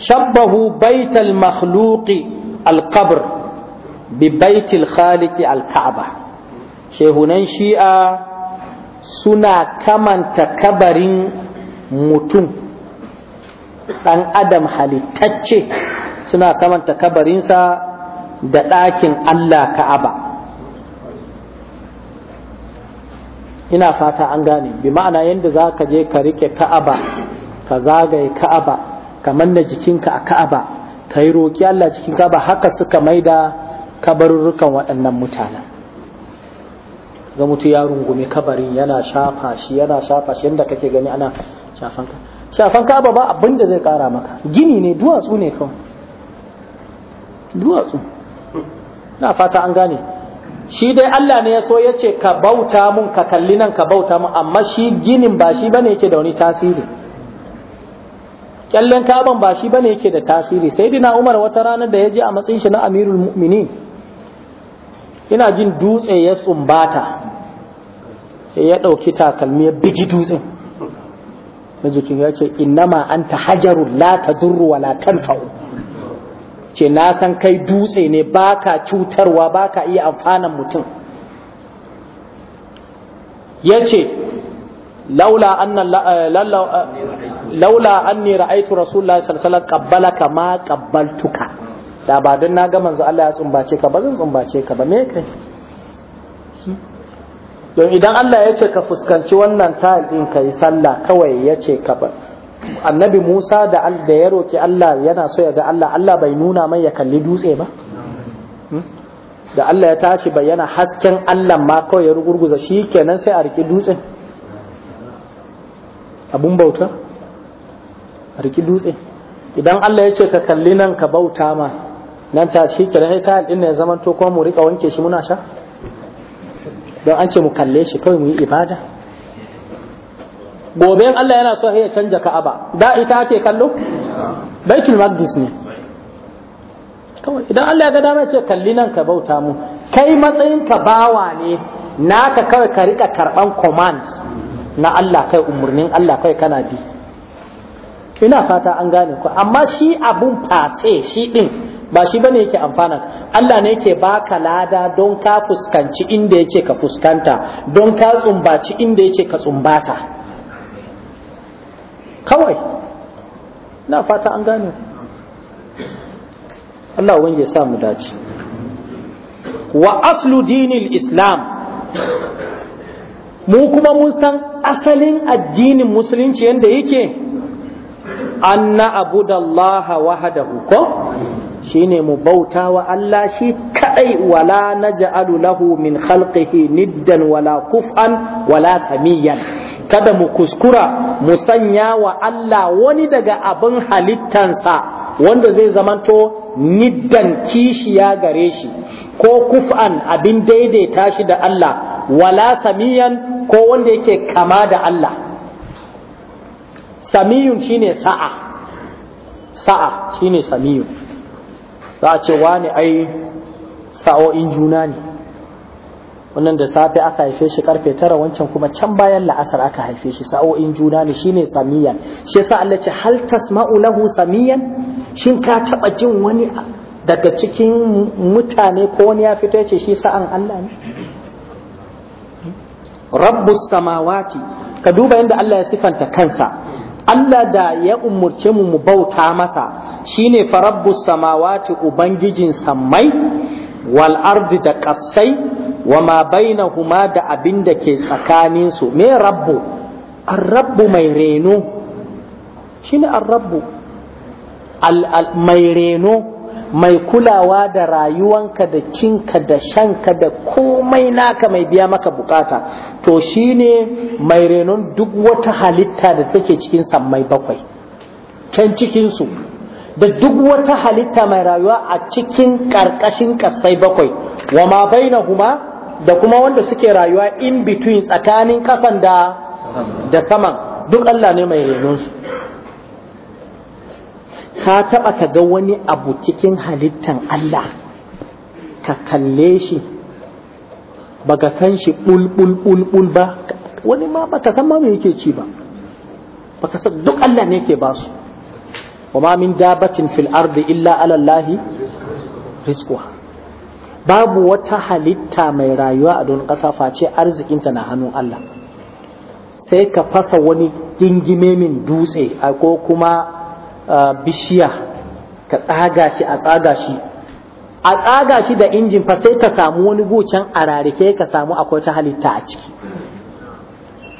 shabbahu baital makhluqi al-qabr bi baitil khaliqi al-ka'bah shehunan shi'a suna kamanta kabarin mutum ɗan adam halittacce suna kamanta kabarinsa da ɗakin Allah ka'aba ina fata an gane bi ma'ana yadda zaka je ka rike ka'aba ka zagaye ka'aba ka manna jikinka a ka'aba ka yi roƙi Allah jikin ka'aba haka suka maida kabarurrukan waɗannan mutanen ga mutu ya rungume kabarin yana shafa shi yana shafa shi yadda kake gani ana shafan ka shafan ka ba abin da zai kara maka gini ne duwatsu ne kawai duwatsu na fata an gane shi dai Allah ne ya so ya ce ka bauta mun ka kalli nan ka bauta mun amma shi ginin ba shi bane yake da wani tasiri kyallen kaban ba shi bane yake da tasiri sai dina Umar wata ranar da ya je a matsayin shi na Amirul Mu'minin ina jin dutse ya tsumbata ya ɗauki takalmi ya biji dutsen majikin ya ce innama an ta hajaru la ta duru wa la tanfa'u ce na san kai dutse ne baka cutarwa baka iya amfanan mutum ya ce laula eh, eh, anni ra'aitu rasulullahi sallallahu alaihi qabbalaka ma qabbaltuka da ba don na ga manzo Allah ya tsumbace ka ba zan tsumbace ka ba me kai don idan Allah ya ce ka fuskanci wannan tile din ka yi sallah kawai ya ce ka ba. annabi Musa da da ya roki Allah yana so ya ga Allah Allah bai nuna mai ya kalli dutse ba hmm? da Allah ya tashi bayyana hasken Allah ma kawai ya rugurguza shi kenan sai a riki dutsen abun bauta a riki dutse idan Allah ya ce ka kalli nan ka bauta ma nan ta shi kenan sai tile din ne ya zama to kuma mu rika wanke shi muna sha don an ce mu kalle shi kawai mu yi ibada gobe Allah yana so ya canja aba da ita ake kallo Baitul Maqdis ne kawai idan Allah ya ga dama ce kalli nan ka bauta mu kai matsayin ka bawa ne naka kawai ka rika karban commands na Allah kai umurnin Allah kai kana bi ina fata an gane ku amma shi abun fase shi din ba shi bane yake amfana Allah ne yake baka lada don ka fuskanci inda yake ka fuskanta don ka tsumbaci inda yake ka tsumbata kawai na fata an gane Allah wani ya sa mu dace wa aslu dinil islam mu kuma mun san asalin addinin musulunci yadda yake an na abu da Allah ko shine mu bauta wa Allah shi kadai wala naj'alu lahu min khalqihi niddan wala kuf'an wala samiyan kada mu kuskura mu sanya wa Allah wani daga abin halittansa wanda zai zamanto niddan kishiya gare shi ko kuf'an abin daidaita shi da Allah wala samiyan ko wanda yake kama da Allah samiyun shine sa'a sa'a shine samiyun za a ce wani ai sa'o'in juna ne wannan da safe aka haife shi karfe tara wancan kuma can bayan la'asar aka haife shi sa'o'in juna ne shine samiyan shi yasa Allah ce hal tasma'u lahu samiyan shin ka taba jin wani daga cikin mutane ko wani ya fito yace shi sa'an Allah ne rabbus samawati ka duba inda Allah ya sifanta kansa Allah da ya umurce mu mu bauta masa shine farabbus samawati ubangijin sammai wal ardi da kassai wa ma bainahuma da abin da ke tsakanin su me rabbu ar-rabbu mai reno shine ar-rabbu al mai reno mai kulawa da rayuwanka da cinka da shanka da komai naka mai biya maka bukata to shine mai renon duk wata halitta da take cikin sammai bakwai can cikinsu da duk wata halitta mai rayuwa a cikin ƙarƙashin ƙasai bakwai wa ma kuma da kuma wanda suke rayuwa in between tsakanin kasan da da saman duk Allah ne mai renonsu ka taba ka ga wani abu cikin halittan Allah ka kalle shi baka kan shi bul ba wani ma baka san ma me yake ci ba baka san duk Allah ne yake ba su wa ma min dabatin fil ardi illa ala Allah rizquha babu wata halitta mai rayuwa a don kasa face arzikinta na hannun Allah sai ka fasa wani dingime min dutse ko kuma bishiya ka tsaga shi a tsaga shi a tsaga shi da injin fa sai ka samu wani gucan a ka samu akwai ta halitta a ciki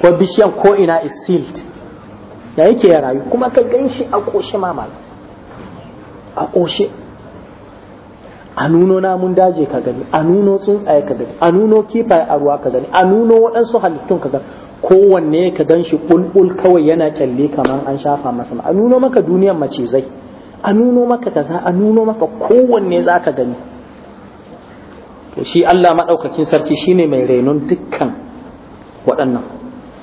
ko bishiyan ko ina is sealed da yake ya rayu kuma ka gan shi a ma mamal a koshe a nuno namun daji ka gani a nuno tsuntsaye ka gani a nuno kifaye a ruwa ka gani a nuno waɗansu halittun ka gani kowanne ka gan shi bulbul kawai yana kyalle kamar an shafa masa a nuno maka mace macizai a nuno maka kaza a nuno maka kowanne za ka gani to shi Allah maɗaukakin sarki shine mai renon dukkan waɗannan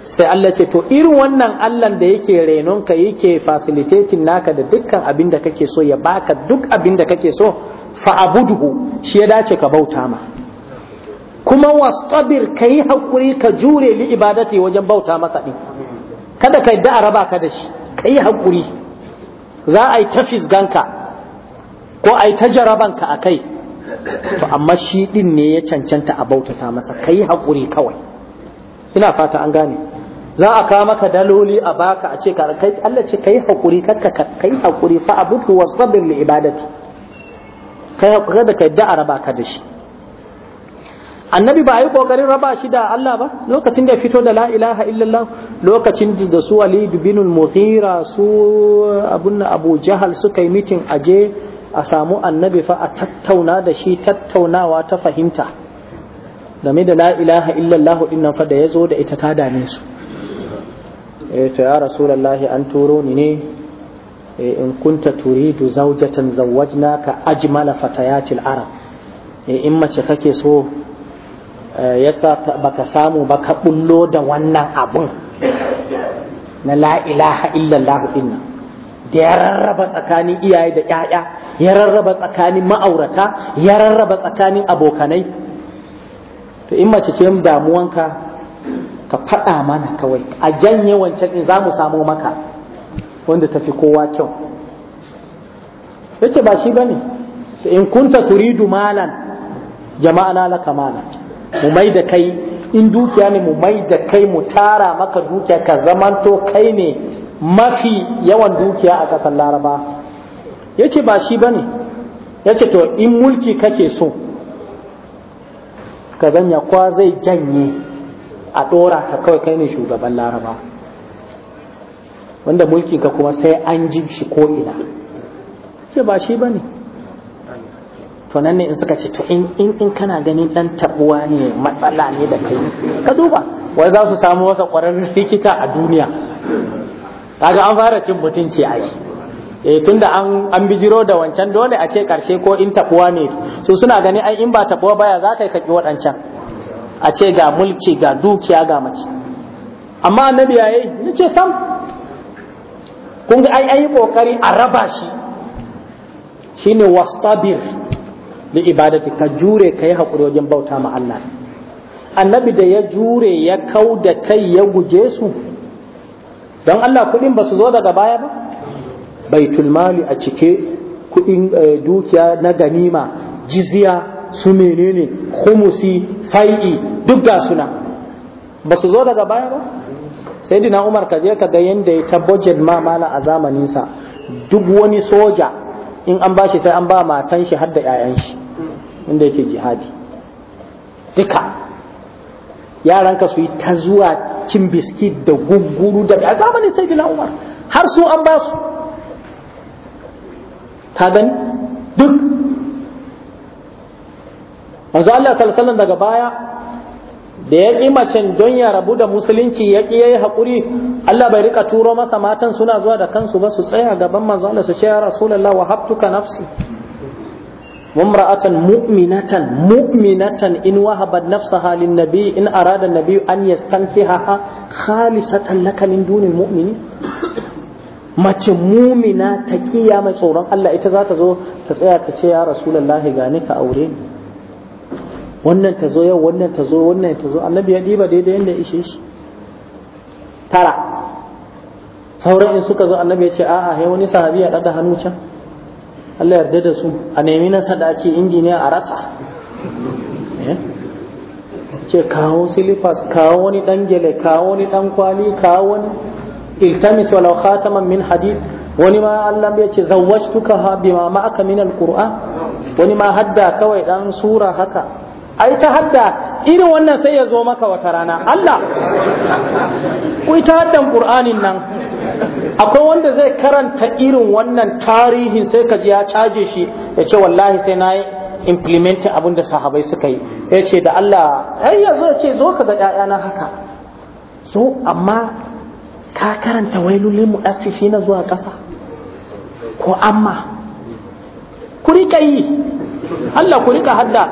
sai Allah ce to irin wannan Allah da yake renon ka yake facilitating naka da dukkan abin da kake so ya baka duk abin da kake so fa abuduhu shi ya dace ka bauta ma kuma wastabir ka yi haƙuri ka jure li ibadati wajen bauta masa ɗin kada ka yadda a raba ka da shi ka yi haƙuri za a yi ta fisganka ko a yi ta jarabanka a kai to amma shi ɗin ne ya cancanta a ta masa ka yi haƙuri kawai ina fata an gane za a kawo maka daloli a baka a ce ka kai Allah ce kai haƙuri kakka kai haƙuri fa abudu wastabir li ibadati kai haƙuri da ka yadda a raba ka da shi annabi ba a yi kokarin raba shi da Allah ba lokacin da ya fito da la ilaha illallah lokacin da su walid bin mughira su abun abu jahal suka yi mitin aje a samu annabi fa a tattauna da shi tattaunawa ta fahimta game da la ilaha illallah din fa da ya zo da ita ta dame su eh to ya rasulullahi an turo ni ne eh, in kunta turidu zawjatan zawwajnaka ajmala fatayatil arab eh, in mace kake so Eh, yasa baka samu ba ka bullo da wannan abun na la'ilaha ilaha illallah da ya rarraba tsakanin iyaye da 'ya'ya, ya rarraba tsakanin ma'aurata ya rarraba tsakanin abokanai to in mace ce damuwanka ka faɗa mana kawai a janye wancan in za mu samo maka wanda tafi kowa kyau ce ba shi ba ne. in kunta turidu malan jama'a na laka malan mu mai da kai in dukiya ne mu mai da kai mu tara maka dukiya ka zamanto kai ne mafi yawan dukiya a ƙasar laraba ya ce ba shi ba ne ya ce to in mulki kake so ka zanya kwa zai janye a ɗora ka kawai kai ne shugaban laraba wanda mulki ka kuma sai an ji shi ko ina ce ba shi ba ne to nan ne in suka ce to in in kana ganin dan tabuwa ne matsala ne da kai ka duba wai za su samu wasa ƙwararren likita a duniya kaga an fara cin mutunci a yi. eh tunda an an bijiro da wancan dole a ce karshe ko in tabuwa ne su suna gani ai in ba tabuwa baya za ka yi kaki waɗancan a ce ga mulki ga dukiya ga mace amma annabi yayi nace sam kun ga ai ai kokari a raba shi shine wastabir da ibadati ka jure ka yi haƙuri wajen bauta ma Allah annabi da ya jure ya kau da kai ya guje su don Allah kuɗin ba su zo daga baya ba baitul mali a cike kuɗin eh, dukiya na ganima jizya su menene humusi fai'i duk ga suna ba su zo daga baya ba sai dina umar ka je ka ga yadda ya ta budget ma mala a zamaninsa duk wani soja in an bashi sai an ba matan shi har da 'ya'yan shi inda yake jihadi duka yaranka su yi ta zuwa cin biskit da gunguru da a zamanin sai umar har su an ba su ta gani duk manzo Allah sallallahu daga baya da ya ƙi macen don ya rabu da musulunci ya ƙi yayi haƙuri Allah bai rika turo masa matan suna zuwa da kansu ba su tsaya gaban manzo Allah su ce ya rasulullah wa habtuka nafsi وامرأة مؤمنة مؤمنة إن وهبت نفسها للنبي إن أراد النبي أن يستنكحها خالصة لك من دون المؤمنين mace mumina ta kiya mai tsoron Allah ita za ta zo ta tsaya ta ce ya ka aure wannan ta zo yau wannan ta zo wannan ta zo annabi ya diba daidai yanda ishe shi tara sauran in suka zo annabi ya ce a'a sai wani sahabi ya ɗaga hannu can Allah yarda da su a nemi na sadaci injiniya a rasa eh? ce kawo silifas kawo wani dan gele kawo wani dan kwali kawo wani iltamis walau khataman min hadid wani ma Allah ya ce zawwajtuka ha ma aka min alquran wani ma hadda kawai dan sura haka ai ta hadda irin wannan sai ya zo maka wata rana Allah ku ta haddan qur'anin nan akwai wanda zai karanta irin wannan tarihin sai ka ji ya caje shi ya ce wallahi sai na yi implementin abin da sahabai suka yi ya ce da Allah ai ya zo ya ce zo ka ga na haka so amma ka karanta wailulin mu'affifi na zuwa ƙasa ko amma ku rika yi Allah ku riƙa hadda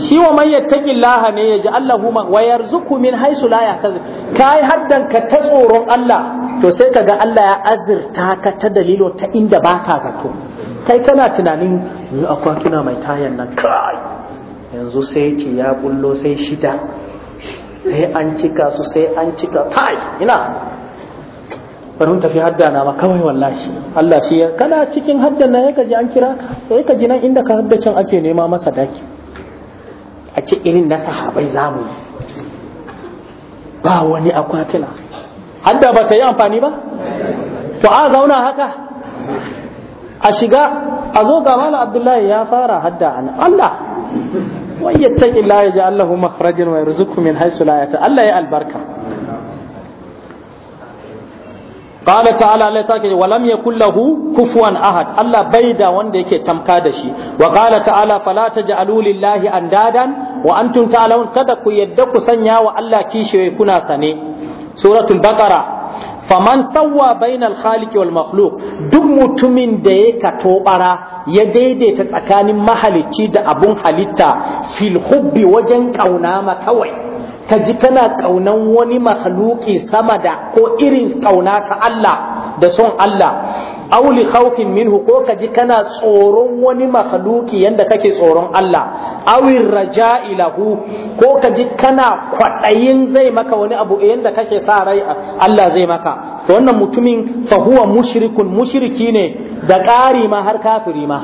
shi wa man laha ne yaji ji man wayar zuku min haythu la yahtasib kai haddan ka ta tsoron Allah to sai kaga Allah ya azurta ka ta dalilo ta inda ba ka zato kai kana tunanin akwatuna mai tayan nan kai yanzu sai ki ya bullo sai shida sai an cika su sai an cika kai ina bari mun tafi haddana ma kawai wallahi Allah shi kana cikin haddana ya kaji an kira ka sai ka ji nan inda ka haddacin ake nema masa daki a ce irin na sahabai zamu ba wani akwatuna hadda ba ta yi amfani ba to a zauna haka a shiga a zo ga mala abdullahi ya fara hadda an Allah wai yattaqi illa ya ja'al lahu makhrajan wa yarzuqhu min haythu la Allah ya albarka ya تعالى الله ساكت ولم يكن Kufuwan Ahad. Allah bai da wanda yake tamka da shi wa qala ta'ala fala taj'alu lillahi andadan wa antum ta'lamun kada ku yadda ku sanya wa Allah kishiyoyi kuna sane suratul baqara faman sawwa bainal khaliq wal makhluq duk mutumin da ya kato ya daidaita tsakanin mahalicci da abun halitta fil hubbi wajen ƙauna ma kawai ka ji kana kaunan wani makhluki sama da ko irin ƙauna ta Allah da son Allah auli khawfin minhu ko ka ji kana tsoron wani makhluki yanda kake tsoron Allah awi raja'i lahu ko ka ji kana kwadayin zai maka wani abu eh, yanda kake sa rai Allah zai maka to wannan mutumin fa huwa mushrikun mushriki ne da ƙari ma har kafiri ma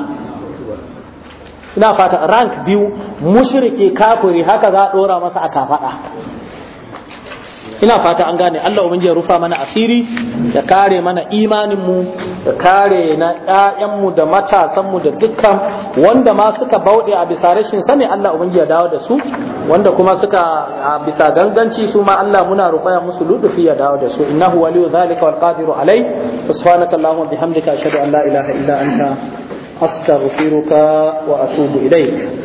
ina fata rank biyu mushriki kafiri haka za a dora masa a kafada ina fata an gane Allah ubangiji ya rufa mana asiri ya kare mana imanin mu ya kare na ƴaƴan mu da matasan mu da dukkan wanda ma suka bauɗe a bisa rashin sani Allah ubangiji ya dawo da su wanda kuma suka a bisa ganganci su ma Allah muna ruƙaya musu ludufi ya dawo da su innahu waliyu zalika wal qadiru alai subhanaka allahumma bihamdika ashhadu an la ilaha illa anta astaghfiruka wa atubu ilaik